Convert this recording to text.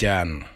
jaan